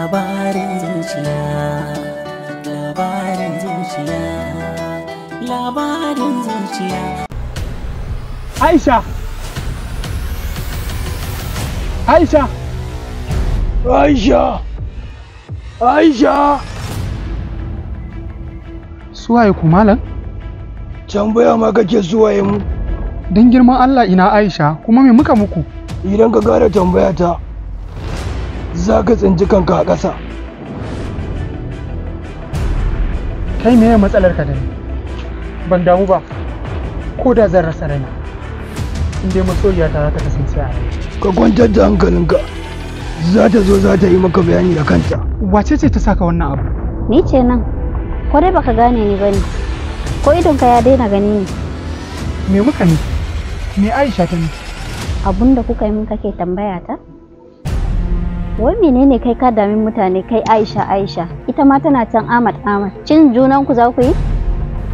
labarin zuciya labarin zuciya labarin zuciya aisha aisha aisha aisha suwaye ku malam tambaya ma kake suwaye mu don girman allah ina aisha kuma me muka muku idan ka gara tambaya ta za ka tsinci kanka a ƙasa kai me matsalar ka da ni ban damu ba ko da zan rasa rana. in dai masoyiya ta za ta kasance a ka kwantar da hankalinka za ta zo za ta yi maka bayani da kanta wace ce ta saka wannan abu ni ce nan ko dai baka gane ni ba ne, ko idonka ya daina gani ne me muka ne me aisha ta ne abun da kuka yi min kake tambaya ta wai menene kai ka dami mutane kai aisha aisha ita ma tana can amat amat cin junan ku za ku yi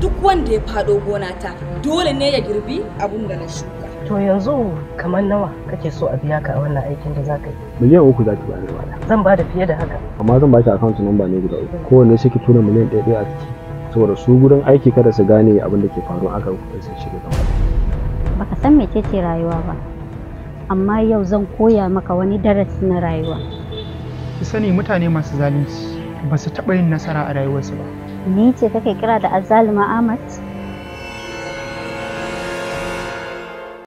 duk wanda ya faɗo ta dole ne ya girbi abun da na shuka to yanzu kamar nawa kake so a biya ka a wannan aikin da zaka yi miliyan uku za ki bani wala zan bada fiye da haka amma zan ba shi account number ne guda uku kowanne sai ki tura miliyan ɗaya ɗaya a ciki saboda su gurin aiki kada su gane abin da ke faruwa aka sai shiga gaba baka san mecece rayuwa ba amma yau zan koya maka wani darasi na rayuwa ki sani mutane masu zalunci ba su taɓa yin nasara a rayuwarsu ba ni ce kake kira da azalima Ahmad